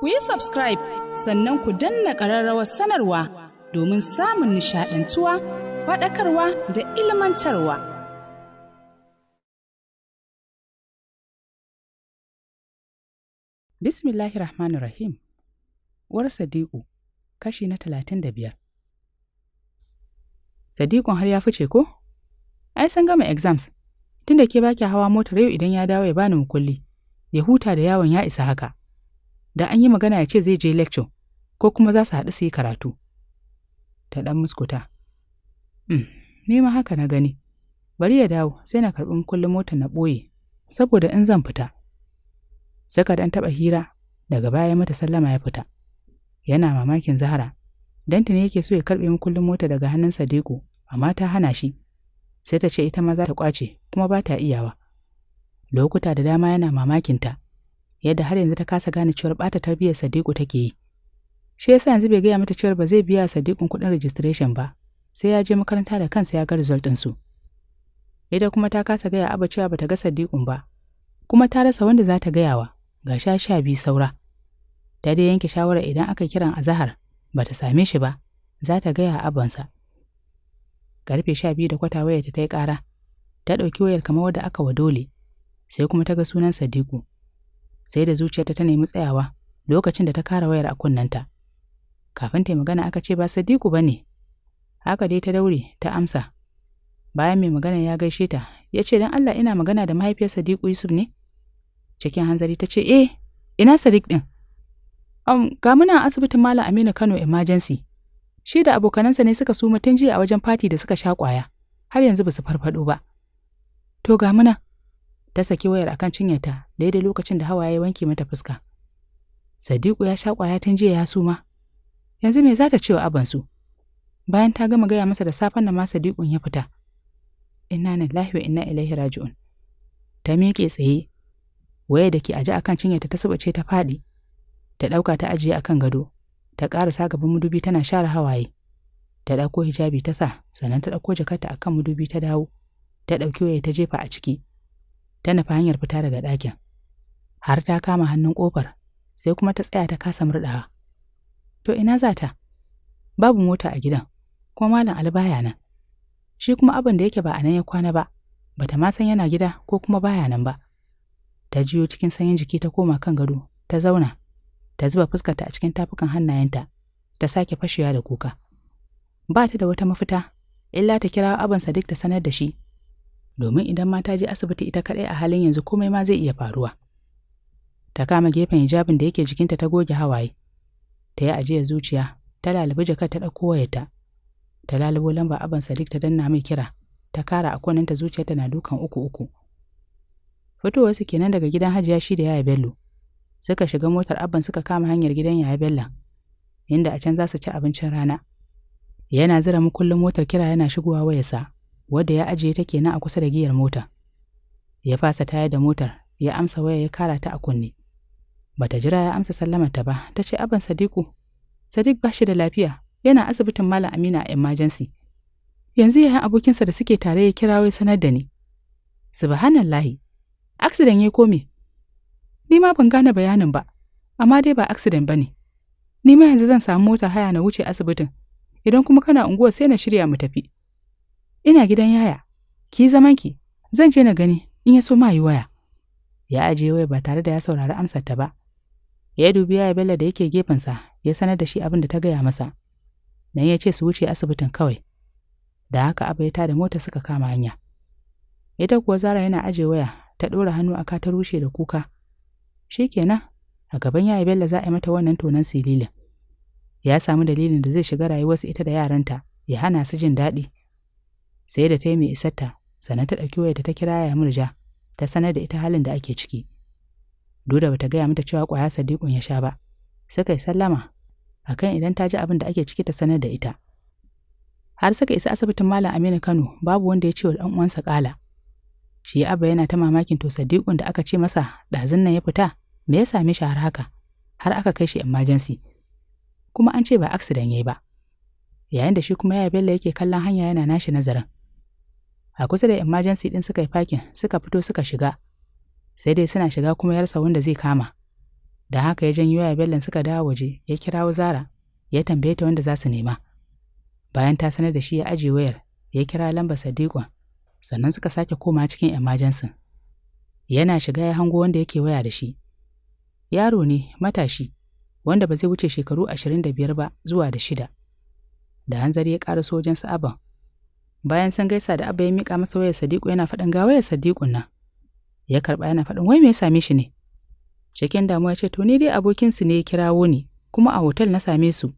ku yi subscribe sannan ku danna ƙararrawar sanarwa domin samun nishaɗantuwa faɗakarwa da ilmantarwa. Bismillahi Rahmanu Rahim Uwar Sadiku kashi na talatin da biyar. Sadiqun har ya fice ko? Ai san gama exams, tunda ke baki hawa motar yau idan ya dawo ya bani mukulli, ya huta da yawon ya isa haka. da an yi magana ya ce zai je lecture ko kuma za su haɗu su yi karatu ta ɗan muskuta mm. ma haka na gani bari ya dawo sai na karɓi kullum mota na ɓoye saboda in zan fita saka dan taɓa hira daga baya mata sallama ya fita yana mamakin zahara danta ne yake so ya karɓe kullum mota daga hannun sadiku amma ta hana shi sai ta ce ita ma za ta kwace kuma ba ta iyawa lokuta da dama yana mamakinta yadda har yanzu ta kasa gane cewar ɓata tarbiyyar Sadiku take yi. Shi yasa yanzu bai gaya mata cewar ba zai biya Sadikun kuɗin registration ba, sai ya je makaranta da kansa ya ga result su. Ita kuma ta kasa gaya Aba cewa bata ga Sadikun ba, kuma ta rasa wanda za ta gayawa, ga sha sha biyu saura. Ta dai yanke shawara idan aka kiran azahar, bata same shi ba, za ta gaya abansa. Karfe sha biyu da kwata wayarta ta yi ƙara, ta ɗauki wayar kamar wadda aka wa dole, sai kuma ta ga sunan Sadiku. sai da zuciyarta ta nemi tsayawa lokacin da ta kara wayar a kunnanta. Kafin ta yi magana aka ce ba Sadiku ba ne. Haka dai ta daure ta amsa. Bayan mai magana ya gaishe ta, ya ce don Allah ina magana da mahaifiyar Sadiku Yusuf ne? Cikin hanzari ta ce, eh, ina Sadiq ɗin? Um, ga muna asibitin Malam Aminu Kano emergency. Shi da abokanansa ne suka suma tun jiya a wajen fati da suka sha kwaya, har yanzu ba su farfaɗo ba. To ga muna, ta saki wayar akan cinyarta daidai lokacin da Hawa hawaye wanke mata fuska. Sadiku ya sha ƙwaya tun jiya ya suma. Yanzu me za ta ce wa abansu? Bayan ta gama gaya masa da safen nan ma Sadiku ya fita. Inna lillahi wa inna ilaihi raji'un. Ta miƙe tsaye, waya da ke aji akan cinyarta ta subace ta faɗi, ta ɗauka ta ajiye akan gado, ta ƙarasa gaban madubi tana share hawaye. Ta ɗauko hijabi ta sa, sannan ta ɗauko jakarta akan madubi ta dawo, ta ɗauki waya ta jefa a ciki. ta nufa hanyar fita daga ɗakin. Har ta kama hannun kofar sai kuma ta tsaya ta kasa murɗawa. To ina za ta? Babu mota a gidan, kuma Malam Ali baya nan. Shi kuma abin da yake ba a nan ya kwana ba, bata ma san yana gida ko kuma baya nan ba. Ta jiyo cikin sanyin jiki ta koma kan gado, ta zauna, ta zuba fuskarta a cikin tafukan hannayenta, ta sake fashewa da kuka. Ba ta da wata mafita, illa ta kira abinsa duk ta sanar da shi domin idan ma ta je asibiti ita kaɗai a halin yanzu komai ma zai iya faruwa. Ta kama gefen hijabin da yake jikinta ta goge hawaye, ta yi ajiyar zuciya, ta lalubi jakar ta ɗauko wayarta, ta lalubo lamba aban sadik ta danna mai kira, ta kara a kunanta zuciyarta na dukan uku uku. Fitowarsu kenan daga gidan Hajiya shi da Yaya Bello, suka shiga motar abban suka kama hanyar gidan Yaya Bello, inda a can za su ci abincin rana. Yana zira mukullin motar kira yana shigowa wayarsa. wadda ya ajiye ta kenan a kusa da giyar mota. Ya fasa taya da motar, ya amsa waya ya kara ta a kunne. Bata jira ya amsa sallamar ta ba, ta ce aban Sadiku. Sadiq ba da lafiya, yana asibitin Malam Amina a emergency. Yanzu yayan abokinsa da suke tare ya kirawo ya sanar da ni. Subhanallahi, accident ya kome. Ni ma ban gane bayanin ba, amma dai ba accident ba ne. Ni ma yanzu zan samu motar haya na wuce asibitin, idan kuma kana unguwa sai na shirya mu tafi. Ina gidan yaya, ki zaman ki, zan je na gani in ya so ma yi waya. Ya aje waya ba tare da ya saurari amsar ta ba. Ya dubi yaya Bello da yake gefensa, ya sanar da shi abin da ta gaya masa. Nan ya ce su wuce asibitin kawai. Da haka abu ya tada mota suka kama hanya. Ita kuwa Zara yana aje waya, ta ɗora hannu a ta rushe da kuka. Shi kenan, a gaban yaya Bello za a yi mata wannan tonon sililin. Ya samu dalilin da zai shiga rayuwarsu ita da yaranta, ya hana su jin daɗi. sai da ta yi mai isarta sannan ta ɗauki wayarta ta kira ya murja ta sanar da ita halin da ake ciki duda bata gaya mata cewa ƙwaya sadiqun ya sha ba suka yi sallama akan idan ta ji abin da ake ciki ta sanar da ita har suka isa asibitin malam aminu kano babu wanda ya ce wa ɗan uwansa ƙala shi abba yana ta mamakin to sadiqun da aka ce masa ɗazun nan ya fita me ya same shi har haka har aka kai shi emergency kuma an ce ba accident yayi ba yayin da shi kuma ya bello yake kallon hanya yana nashi nazarin a kusa da emergency din suka yi fakin suka fito suka shiga sai dai suna shiga kuma yarsa wanda zai kama da haka ya janyo ya bellin suka dawo waje ya kira zara ya tambaye ta wanda za su nema bayan ta sanar da shi ya ajiye wayar ya kira lambar sadiqon sannan suka sake koma cikin emergency yana shiga ya hango wanda yake waya da shi yaro ne matashi wanda ba zai wuce shekaru ashirin da biyar ba zuwa da shida da hanzari ya ƙara sojan sa'aban bayan sun gaisa da abba ya miƙa masa wayar sadiku yana faɗin ga wayar sadiku na ya karɓa yana faɗin wai me ya same shi ne cikin damuwa ce to ni dai abokinsu ne ya kirawo ni kuma a hotel na same su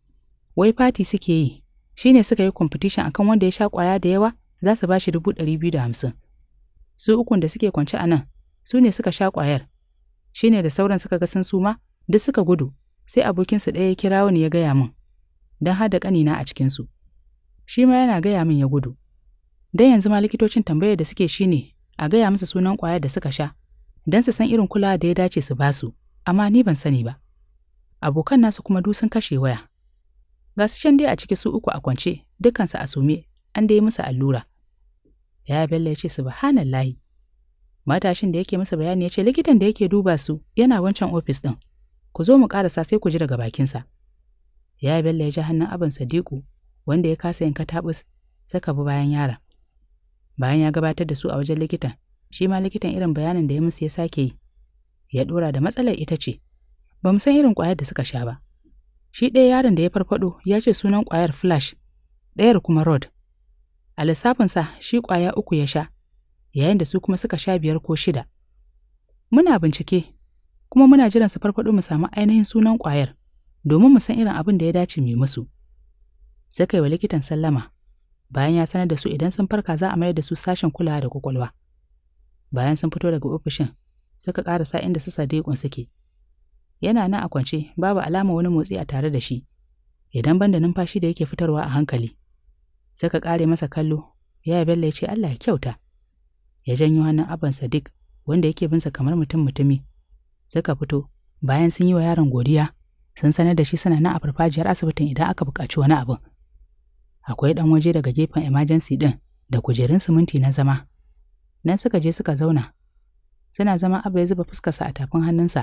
wai fati suke yi shine suka yi competition akan wanda ya sha kwaya da yawa za su ba shi dubu ɗari biyu da hamsin su ukun da suke kwance a nan su ne suka sha kwayar shine da sauran suka ga sun suma duk suka gudu sai abokinsu ɗaya ya kirawo ni ya gaya min don har da ƙanina a cikinsu shi ma yana gaya min ya gudu Dai yanzu ma likitocin tambayar da suke shine a gaya musu sunan kwayar da suka sha, don su san irin kulawa da ya dace su basu, amma ni ban sani ba. Abokan nasu kuma du sun kashe waya. Ga su can dai a ciki su uku a kwance, dukansu a sume, an dai musu allura. ya Bello ya ce subhanallahi. Matashin da yake masa bayani ya ce likitan da yake duba su yana wancan ofis ɗin. Ku zo mu sa sai ku ji daga bakinsa. ya Bello ya ji hannun abin Sadiku wanda ya kasa yin katabus saka bi bayan yara. bayan ya gabatar da su a wajen likitan shi ma likitan irin bayanin da ya musu ya sake yi ya ɗora da matsalar ita ce ba mu san irin kwayar da suka sha ba shi ɗaya yaron da ya farfado ya ce sunan kwayar flash ɗayar kuma rod a lissafinsa shi kwaya uku ya sha yayin da su kuma suka sha biyar ko shida muna bincike kuma muna jiran su farfado mu samu ainihin sunan kwayar domin mu san irin abin da ya dace mai musu sai kai wa likitan sallama bayan ya sanar da su idan sun farka za a mayar da su sashen kulawa da kwakwalwa. Bayan sun fito daga ofishin, suka ƙara sa inda su Sadiqun suke. Yana nan a kwance, babu alama wani motsi a tare da shi, idan ban da numfashi da yake fitarwa a hankali. Suka ƙare masa kallo, ya Bello ya ce Allah ya kyauta. Ya janyo hannun abban Sadiq, wanda yake binsa kamar mutum mutumi. Suka fito, bayan sun yi wa yaron godiya, sun sanar da shi suna nan a farfajiyar asibitin idan aka buƙaci wani abin. akwai ɗan waje daga gefen emergency ɗin da kujerun siminti na zama. Nan suka je suka zauna. Suna zama abu ya zuba fuskarsa a tafin hannunsa,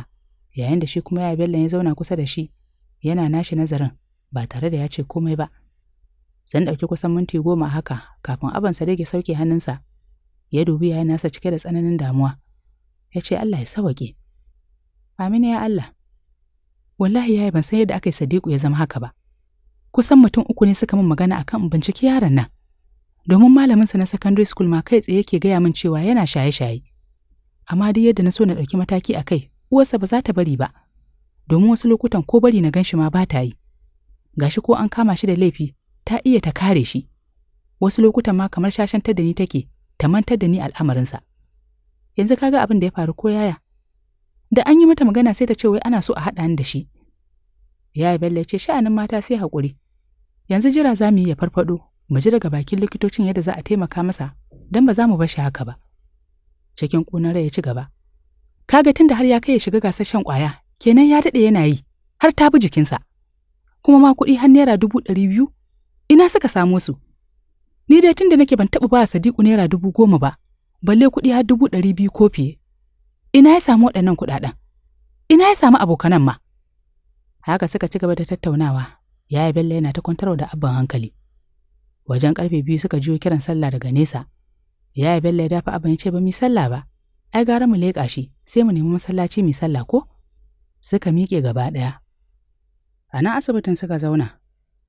yayin da shi kuma ya Bello ya zauna kusa da shi, yana nashi nazarin ba tare da ya ce komai ba. Zan ɗauki kusan minti goma haka kafin Abban da ya sauke hannunsa. Ya dubi yayin nasa cike da tsananin damuwa. Ya ce Allah ya sawaƙe. Amina ya Allah. Wallahi yayi ban san yadda aka yi Sadiku ya zama haka ba. kusan mutum uku ne suka min magana a kan binciki yaron nan domin malaminsa na secondary school ma kai tsaye yake gaya min cewa yana shaye-shaye amma duk yadda na so na ɗauki mataki a kai uwarsa ba za ta bari ba domin wasu lokutan ko bari na gan shi ma ba ta yi gashi ko an kama shi da laifi ta iya ta kare shi wasu lokutan ma kamar shashantar da ni take ta mantar da ni al'amarinsa yanzu kaga abin da ya faru ko yaya da an yi mata magana sai ta ce wai ana so a haɗa ni da shi Yaya Bello ya ce sha'anin mata sai haƙuri. Yanzu jira za mu yi ya farfaɗo, mu ji daga bakin likitocin yadda za a taimaka masa, don ba za mu bashi haka ba. Cikin ƙunar ya ci gaba. Kaga tun da har ya kai ya shiga gasar shan ƙwaya, kenan ya daɗe yana yi, har ta bi jikinsa. Kuma ma kuɗi har naira dubu ɗari biyu, ina suka samo su. Ni dai tun da nake ban taɓa ba Sadiku naira dubu goma ba, balle kuɗi har dubu ɗari biyu ko fiye. Ina ya samu waɗannan kuɗaɗen? Ina ya samu abokanan ma? Haka suka ci gaba da tattaunawa, yaya Bello yana ta kwantarwa da abban hankali. Wajen karfe biyu suka jiyo kiran sallah daga nesa. Yaya Bello ya dafa abin ya ce ba mu sallah ba. Ai gara mu leƙa shi, sai mu nemi masallaci mu sallah ko? Suka miƙe gaba ɗaya. A nan asibitin suka zauna,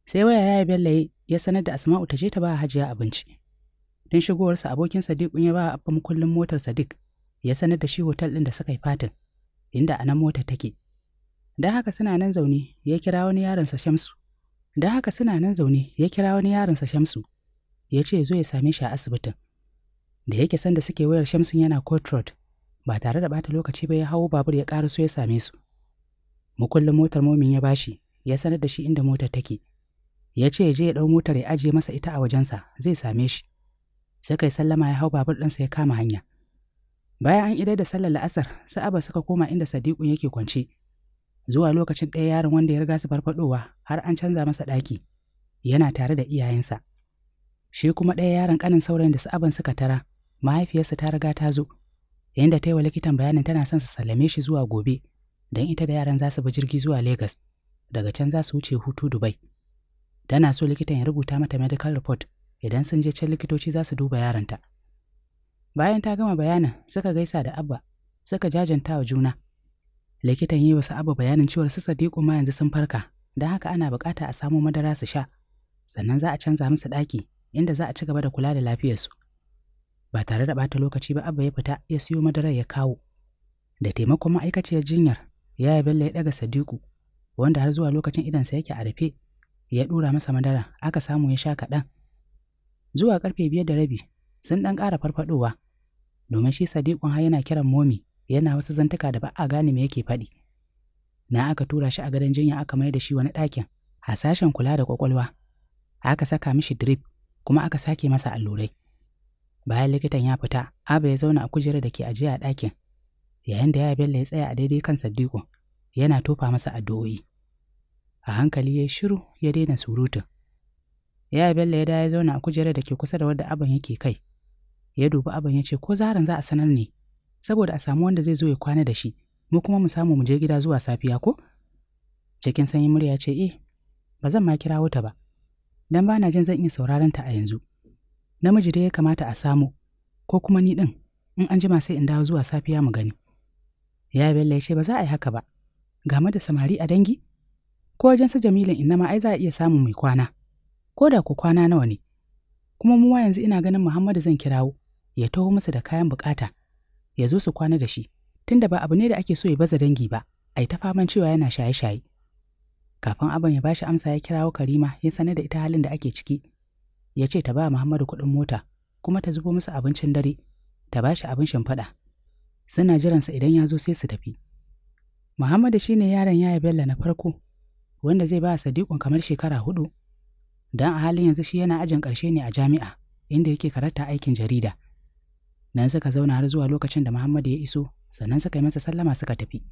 sai waya yaya Bello ya sanar da Asma'u ta je ta ba Hajiya abinci. Tun shigowarsa abokin Sadiq ya ba abba kullum motar Sadiq ya sanar da shi hotel ɗin da suka yi fatin, inda a nan motar take. Da haka suna nan zaune ya kira wani yaronsa Shamsu. haka suna nan zaune ya kira wani yaronsa Shamsu. Ya ce zo ya same shi a asibitin. Da yake da suke wayar Shamsun yana Court Road, ba tare da bata lokaci ba ya hawo babur ya ƙara so ya same su. Mukullin motar momin ya bashi, ya sanar da shi inda motar take. Ya ce ya je ya ɗau motar ya ajiye masa ita a wajensa, zai same shi. Sai kai sallama ya hau babur ɗinsa ya kama hanya. Bayan an idar da sallar la'asar, Sa'aba suka koma inda Sadiqu yake kwance. zuwa lokacin ɗaya yaron wanda ya riga su farfadowa har an canza masa ɗaki yana tare da iyayensa shi kuma ɗaya yaron ƙanin saurayin da sa'aban suka tara mahaifiyarsa ta riga ta zo yayin ta yi wa likitan bayanin tana son su sallame shi zuwa gobe don ita da yaran za su bi jirgi zuwa Legas daga can za su wuce hutu Dubai tana so likitan ya rubuta mata medical report idan sun je can likitoci za su duba yaranta bayan ta gama bayanin suka gaisa da Abba suka jajanta wa juna likitan yi wa sa'abu bayanin cewar su sadiku ma yanzu sun farka don haka ana bukata a samu madara su sha sannan za a canza musu ɗaki inda za a ci gaba da kula da lafiyarsu ba tare da bata lokaci ba abba ya fita ya siyo madarar ya kawo da taimakon ma'aikaciyar jinyar ya yi bello ya ɗaga sadiku wanda har zuwa lokacin idansa yake a rufe ya ɗura masa madara aka samu ya sha kaɗan zuwa karfe biyar da rabi sun ɗan ƙara farfaɗowa domin shi sadiƙun har yana kiran momi yana wasu zantuka da ba a gane me yake faɗi. Na aka tura shi a gadon jinya aka mai da shi wani ɗakin, a sashen kula da kwakwalwa. Aka saka mishi drip, kuma aka sake masa allurai. Bayan likitan ya fita, Aba ya zauna a kujerar da ke ajiye a ɗakin. Yayin da ya Bello ya tsaya a daidai kan sadiku yana tofa masa addu'o'i. A hankali ya shiru ya daina surutun. Ya Bello ya da ya zauna a kujerar da ke kusa da wadda Aban yake kai. Ya dubi Aban ya ce ko zaran za a sanar ne saboda a samu wanda zai zo ya kwana da shi mu kuma mu samu mu je gida zuwa safiya ko cikin sanyi murya ce eh ba zan ma kirawo ta ba dan bana jin zan iya sauraron ta a yanzu namiji dai ya kamata a samu ko kuma ni din in an jima sai in dawo zuwa safiya mu gani ya bella ya ce ba za a yi haka ba game da samari a dangi ko wajen su jamilin inna ma ai za a iya samu mai kwana ko da ku kwana nawa ne kuma muwa yanzu ina ganin muhammadu zan kirawo ya taho musu da kayan bukata ya zo su kwana da shi, tunda ba abu ne da ake so ya baza dangi ba, ai ta faman cewa yana shaye-shaye. Kafin abin ya bashi amsa ya kirawo Karima ya sanar da ita halin da ake ciki. Ya ce ta ba Muhammadu kuɗin mota, kuma ta zubo musu abincin dare, ta ba shi abin shimfiɗa. Suna jiransa idan ya zo sai su tafi. Muhammadu shine yaron yaya Bello na farko, wanda zai ba Sadiqun kamar shekara hudu. Don a halin yanzu shi yana ajin ƙarshe ne a jami'a, inda yake karanta aikin jarida. nan suka zauna har zuwa lokacin da Muhammadu ya iso sannan suka yi masa sallama suka tafi.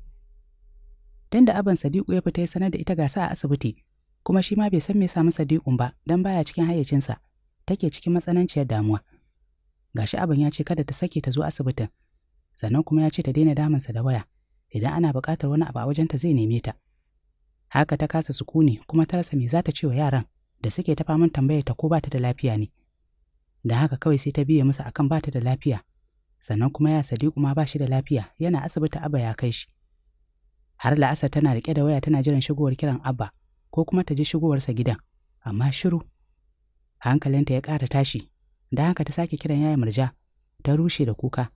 Dan da aban Sadiku ya fita ya sanar da ita gasa a asibiti kuma shi ma bai san me ya samu Sadiqun ba dan baya cikin hayyacinsa take cikin matsananciyar damuwa. Gashi aban ya ce kada ta sake ta zo asibitin sannan kuma ya ce ta daina damunsa da waya idan ana buƙatar wani abu a wajenta zai neme ta. Haka ta kasa sukuni kuma ta rasa me za ta ce wa yaran da suke ta faman tambayar ta ko ba ta da lafiya ne. da haka kawai sai ta biya musu akan ba ta da lafiya sannan kuma ya sadiku ma ba shi da lafiya yana asibiti abba ya kai shi har la'asar tana riƙe da waya tana jiran shigowar kiran abba ko kuma ta ji shigowarsa gidan amma shiru hankalinta ya ƙara tashi da haka ta sake kiran yaya murja ta rushe da kuka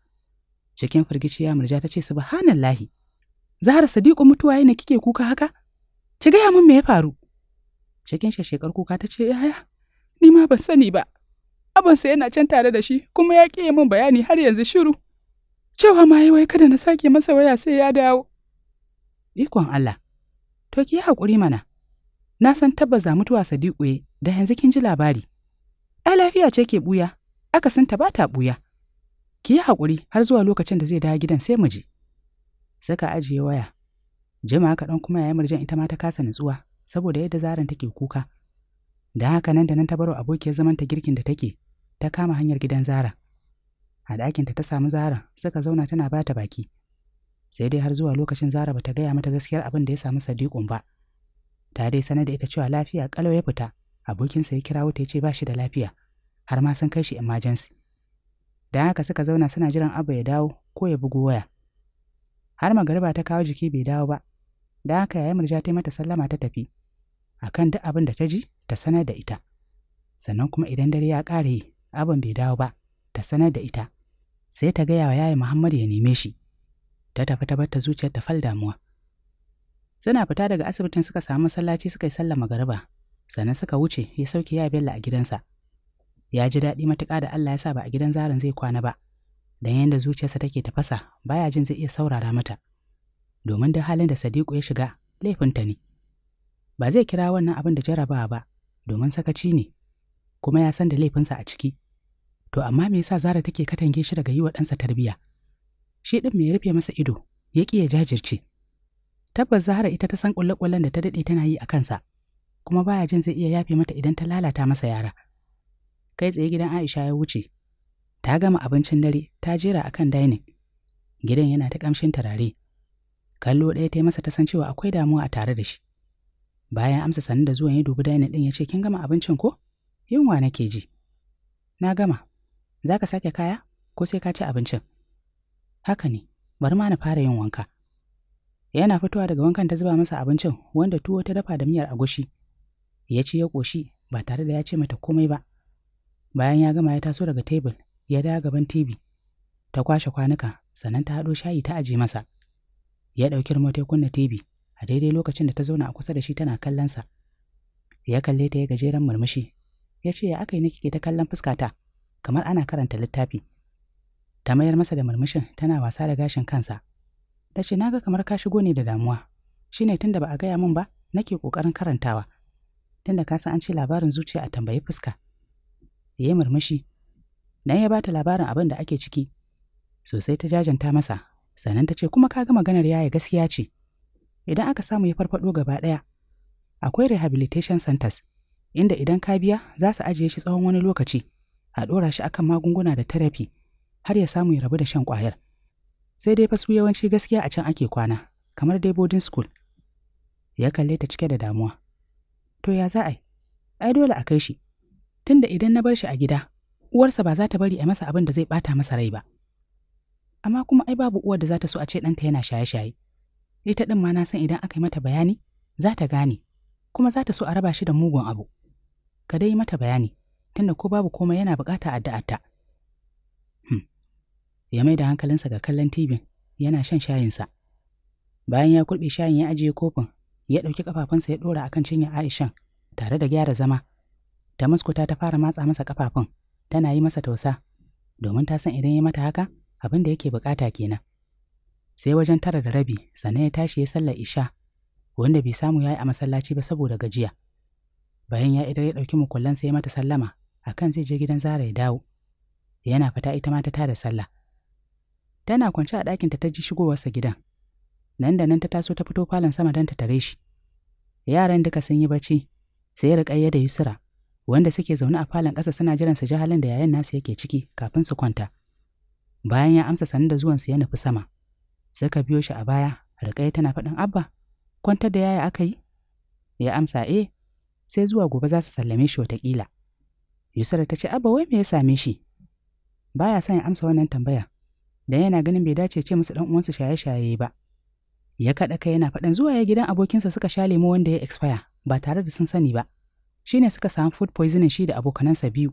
cikin firgici ya murja ta ce subhanallahi zahar sadiku mutuwa yana kike kuka haka ki gaya min me ya faru cikin shashekar kuka ta ce yaya ni ma ban sani ba abinsa yana can tare da shi kuma ya ƙi min bayani har yanzu shiru. Cewa ma wai kada na sake masa waya sai ya dawo. Ikon Allah, to ki haƙuri mana. Na san tabbas da mutuwa Sadiku ya da yanzu kin ji labari. Ai lafiya ce ke buya, aka san ta ba ta buya. Ki yi haƙuri har zuwa lokacin da zai dawo gidan sai mu je. saka ajiye waya. Jama'a kaɗan kuma yi murjan ita ma ta kasa nutsuwa saboda yadda zaran take kuka. Da haka nan da nan ta baro abokiyar zamanta girkin da take. ta kama hanyar gidan Zara. A ɗakinta ta samu Zara suka zauna tana ba ta baki. Sai dai har zuwa lokacin Zara bata gaya mata gaskiyar abin da ya samu Sadiqun ba. Ta dai sanar da ita cewa lafiya kalau ya fita, abokinsa ya kirawo ta ya ce ba shi da lafiya, har ma sun kai shi emergency. Da haka suka zauna suna jiran Abba ya dawo ko ya bugo waya. Har magariba ta kawo jiki bai dawo ba, da haka yayin murja ta mata sallama ta tafi. Akan duk abin da ta ji, ta sanar da ita. Sannan kuma idan dare ya ƙare abin bai dawo ba, ta sanar da ita. Sai ta gaya wa yaya Muhammad ya neme shi. Ta tafi ta barta zuciyar ta fal damuwa. Suna fita daga asibitin suka samu masallaci suka yi sallar magariba. Sannan suka wuce ya sauke ya Bello a gidansa. Ya ji daɗi matuƙa da Allah ya sa ba a gidan zarin zai kwana ba. Dan yadda zuciyarsa take tafasa, baya jin zai iya saurara mata. Domin duk halin da Sadiku ya shiga, laifinta ne. Ba zai kira wannan abin da jarabawa ba, domin sakaci ne, kuma ya san da laifinsa a ciki, To amma me yasa Zara take katange shi daga yiwa wa ɗansa tarbiyya? Shi ɗin me ya rufe masa ido, ya ƙi ya jajirce. Tabbas Zahra ita ta san ƙulle-ƙullen da ta daɗe tana yi a kansa, kuma baya jin zai iya yafe mata idan ta lalata masa yara. Kai tsaye gidan Aisha ya wuce. Ta gama abincin dare, ta jera a kan dainin. Gidan yana ta ƙamshin tarare. Kallo ɗaya ta yi masa ta san cewa akwai damuwa a tare da shi. Bayan amsa sannu da zuwan ya dubi dainin ɗin ya ce, Kin gama abincin ko? Yunwa nake ji. Na gama, Za ka sake kaya ko sai ka ci abincin? Haka ne, bari ma na fara yin wanka. Yana fitowa daga wankan ta zuba masa abincin wanda tuwo ta dafa da miyar agushi. Ya ci ya ƙoshi ba tare da ya ce mata komai ba. Bayan ya gama ya taso daga tebul ya dawo gaban TV. Ta kwashe kwanuka sannan ta haɗo shayi ta aje masa. Ya ɗauki remote ya kunna TV a daidai lokacin da ta zauna a kusa da shi tana kallonsa. Ya kalle ta ya gajeren murmushi. Ya ce ya aka yi kike ta kallon fuskata. kamar ana karanta littafi. Ta mayar masa da murmushin tana wasa da gashin kansa. Ta ce, Naga kamar ka shigo ne da damuwa, shi ne tunda ba a gaya min ba, nake ƙoƙarin karantawa. Tunda ka san an ce labarin zuciya a tambayi fuska. Ya yi murmushi, dan ya bata labarin abin da ake ciki. Sosai ta jajanta masa, sannan ta ce kuma ka ga maganar yaya gaskiya ce. Idan aka samu ya farfaɗo gaba ɗaya, akwai rehabilitation centers, inda idan ka biya za su ajiye shi tsawon wani lokaci. a ɗora shi akan magunguna da tarafi har ya samu ya rabu da shan ƙwayar. Sai dai fasu yawanci gaskiya a can ake kwana, kamar dai boarding school. Ya kalle ta cike da damuwa. To ya za a yi? Ai dole a kai shi. Tunda idan na bar shi a gida, uwarsa ba za ta bari a masa abin da zai ɓata masa rai ba. Amma kuma ai babu uwar da za ta so a ce ɗanta yana shaye-shaye. Ita ɗin ma na san idan aka yi mata bayani, za ta gane, kuma za ta so a raba shi da mugun abu. Ka dai mata bayani, tunda ko babu komai yana bukata addu'arta. Hmm. Ya mai da hankalinsa ga kallon TV, yana shan shayinsa. Bayan ya kurɓe shayin ya ajiye kofin, ya ɗauki ƙafafunsa ya ɗora akan cinyar Aishan tare da gyara zama. Ta muskuta ta fara matsa masa ƙafafun, tana yi masa tausa, domin ta san idan ya mata haka abin da yake bukata kenan. Sai wajen tara da rabi sannan ya tashi ya sallar isha, wanda bai samu ya yi a masallaci ba saboda gajiya. Bayan ya idar ya ɗauki mukullansa ya mata sallama, akan zai je gidan Zara ya dawo. Yana fita ita ma ta tada sallah. Tana kwance a ɗakinta ta ji shigowarsa gidan. Nan da nan ta taso ta fito falon sama don ta tare shi. Yaran duka sun yi bacci, sai Rukayya da Yusra, wanda suke zaune a falon ƙasa suna jiran su ji halin da yayan nasu yake ciki kafin su kwanta. Bayan ya amsa sanin da zuwansu ya nufi sama, suka biyo shi a baya, Rukayya tana faɗin Abba, kwantar da yaya aka yi? Ya amsa eh, sai zuwa gobe za su sallame shi watakila. Yusra ta ce, Abba wai me ya same shi? Baya son ya amsa wannan tambaya, da yana ganin bai dace ce musu ɗan uwansa shaye-shaye ba. Ya kaɗa kai yana faɗin zuwa ya gidan abokinsa suka sha lemo wanda ya expire ba tare da sun sani ba. Shi ne suka samu food poisoning shi da abokanansa biyu.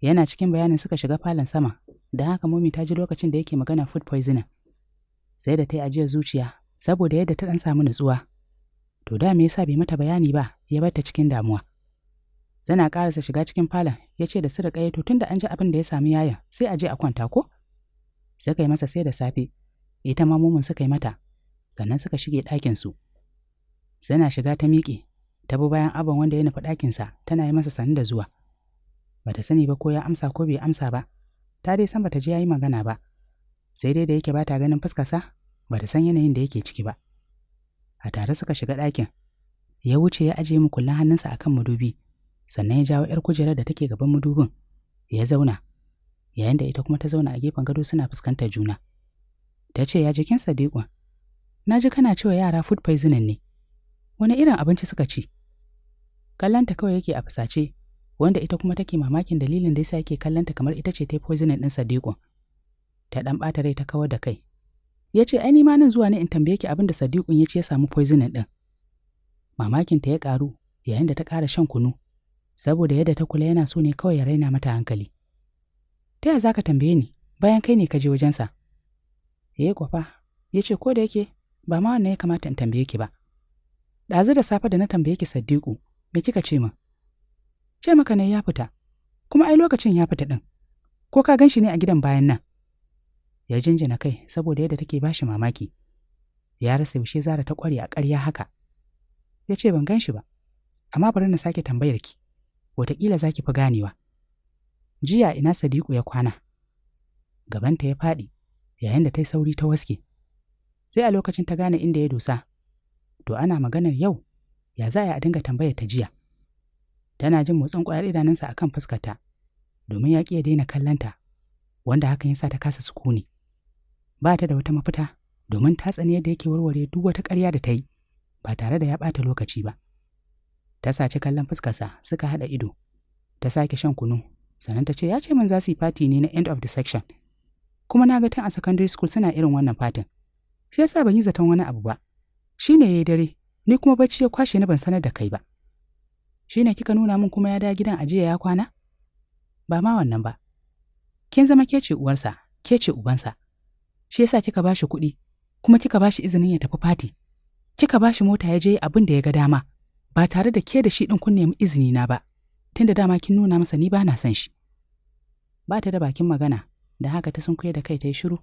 Yana cikin bayanin suka shiga falon sama, da haka momi ta ji lokacin da yake magana food poisoning. Sai da ta yi ajiyar zuciya, saboda yadda ta ɗan samu nutsuwa. To da me yasa bai mata bayani ba, ya bar ta cikin damuwa. Zana ƙarasa shiga cikin falon ya ce da su riƙa to tun da an ji abin da ya sami yayan sai a je a kwanta ko? Suka yi masa sai da safe, ita ma mumun suka yi mata, sannan suka shige ɗakinsu. Zana shiga ta miƙe, ta bi bayan abin wanda ya nufi ɗakinsa tana yi masa sanin da zuwa. Bata sani ba ko ya amsa ko bai amsa ba, ta dai san bata je ya yi magana ba, sai dai da yake bata ta ganin fuskarsa bata san yanayin da yake ciki ba. A tare suka shiga ɗakin, ya wuce ya ajiye mu hannunsa akan madubi. sannan ya jawo 'yar kujerar da take gaban madubin ya zauna yayin da ita kuma ta zauna a gefen gado suna fuskantar juna ta ce ya jikin sadiqun na ji kana cewa yara food poisoning ne wani irin abinci suka ci kallanta kawai yake a fusace wanda ita kuma take mamakin dalilin da yasa yake kallanta kamar ita ce ta poisoning din sadiqun ta dan bata rai ta kawar da kai ya ce ai ma nan zuwa ne in tambaye ki abin da sadiqun ya ce ya samu poisoning din mamakin ta ya karu yayin da ta kara shan kunu saboda yadda ta kula yana so ne kawai ya raina mata hankali. Ta yaya za ka tambaye ni bayan kai ne ka je wajensa? Ya eh kwafa, ya ce ko da yake ba ma wannan ya kamata in tambaye ki ba. Ɗazu da safe da na tambaye ki sadiku me kika ce min? Ce maka ne ya fita, kuma ai lokacin ya fita ɗin. Ko ka gan shi ne a gidan bayan nan? Ya jinjina kai saboda yadda take bashi mamaki. Ya rasa yaushe Zara ta ƙware a ƙarya haka. Ya ce ban gan shi ba, amma bari na sake tambayar ki. wataƙila za ki fi ganewa. Jiya ina Sadiku ya kwana. Gabanta ya faɗi, yayin da ta yi sauri ta waske. Sai a lokacin ta gane inda ya dosa. To ana maganar yau, ya za a dinga tambaya ta jiya. Tana jin motsin ƙwayar idanunsa a kan fuskarta, domin ya ƙi ya daina kallonta, wanda hakan ya sa ta kasa sukuni. Ba ta da wata mafita, domin ta tsani yadda yake warware duk wata ƙarya da ta yi, ba tare da ya ɓata lokaci ba. ta saci kallon fuskarsa suka haɗa ido ta sake shan kunu sannan ta ce ya ce min za su yi fati ne na end of the section kuma na ga tun a secondary school suna irin wannan fatin shi yasa ban yi zaton wani abu ba shi ne ya yi dare ni kuma bacci ya kwashe ni ban sanar da kai ba shi ne kika nuna min kuma ya da gidan ajiya ya kwana ba ma wannan ba kin zama ke ce uwarsa ke ce ubansa shi yasa kika bashi kuɗi kuma kika bashi izinin ya tafi fati kika bashi mota ya je abin da ya ga dama ba tare da ke da shi ɗin kunne nemi izini na ba, tunda dama kin nuna masa ni ba na son shi. Ba ta da bakin magana, da haka ta kuya da kai ta yi shiru.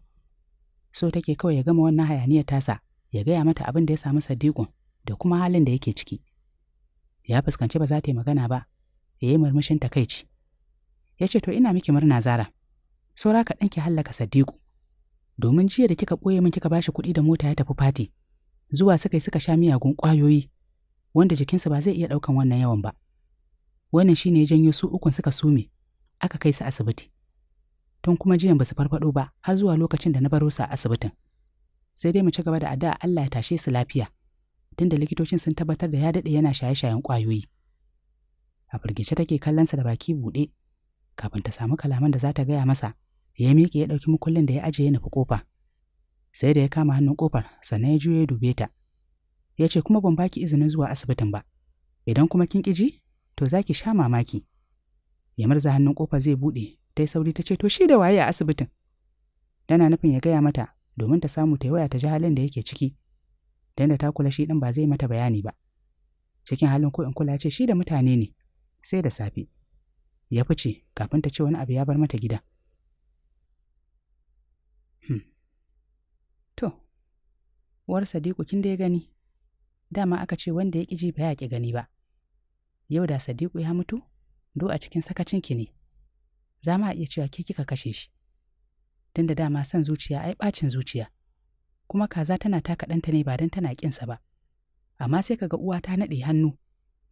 So take kawai ya gama wannan hayaniyar tasa, ya gaya mata abin da ya samu Sadiqun da kuma halin da yake ciki. Ya fuskanci ba za ta yi magana ba, ya yi murmushin takaici. Ya ce, To, ina miki murna zara, saura ka ɗanki hallaka Sadiku. Domin jiya da kika ɓoye min kika bashi kuɗi da mota ya tafi fati, zuwa suka yi suka sha miyagun ƙwayoyi wanda jikinsu ba zai iya ɗaukan wannan yawan ba. Wannan shi ne ya janyo su ukun suka sume, aka kai su asibiti. Tun kuma jiyan ba su farfaɗo ba har zuwa lokacin da na baro su a asibitin. Sai dai mu ci gaba da addu'a Allah ya tashe su lafiya, tunda likitocin sun tabbatar da ya daɗe yana shaye-shayen ƙwayoyi. A firgice take sa da baki buɗe, kafin ta samu kalaman da za ta gaya masa, ya miƙe ya ɗauki mukullin da ya ajiye nufi ƙofa. Sai da ya kama hannun ƙofar, sannan ya juye ya dube ta. ya ce kuma ban baki izinin zuwa asibitin ba idan kuma kin ƙiji to za ki sha mamaki ya marza hannun ƙofa zai buɗe ta yi sauri ta ce to shi da waye a asibitin tana nufin ya gaya mata domin ta samu ta waya ta ji halin da yake ciki dan da ta kula shi ɗin ba zai mata bayani ba cikin halin ko in kula ce shi da mutane ne sai da safe ya fice kafin ta ce wani abu ya bar mata gida hmm. to war sadiku kin da ya gani dama aka ce wanda ya ƙi ji ba ya ƙi gani ba yau da sadiku ya mutu do a cikin sakacinki ne za ma iya cewa ke kika kashe shi tun da dama son zuciya ai ɓacin zuciya kuma kaza tana taka ɗanta ne ba don tana ƙinsa ba amma sai kaga uwa ta naɗe hannu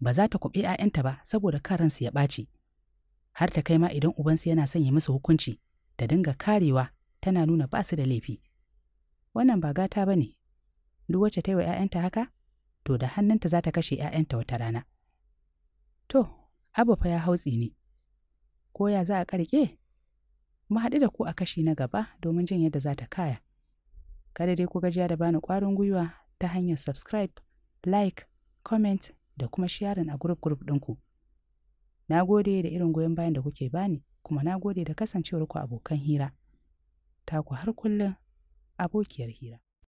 ba za ta kuɓe 'ya'yanta ba saboda karansu ya ɓaci har ta kai ma idan ubansu yana son ya musu hukunci ta dinga karewa tana nuna ba su da laifi wannan ba gata ba ne duk wacce ta yi wa 'ya'yanta haka to da hannunta za ta kashe ‘ya'yanta wata rana. To, abu fa ya hautsi ne, ko ya za a ƙarƙe? Mu haɗu da ku a kashi na gaba domin jin yadda za ta kaya. Kada dai ku gajiya da bani ƙwarin gwiwa ta hanyar subscribe, like, comment da kuma sharing a group group ɗinku. Na gode da irin goyon bayan da kuke bani, kuma na gode da kasancewar ku abokan hira. Ta ku har kullum abokiyar hira.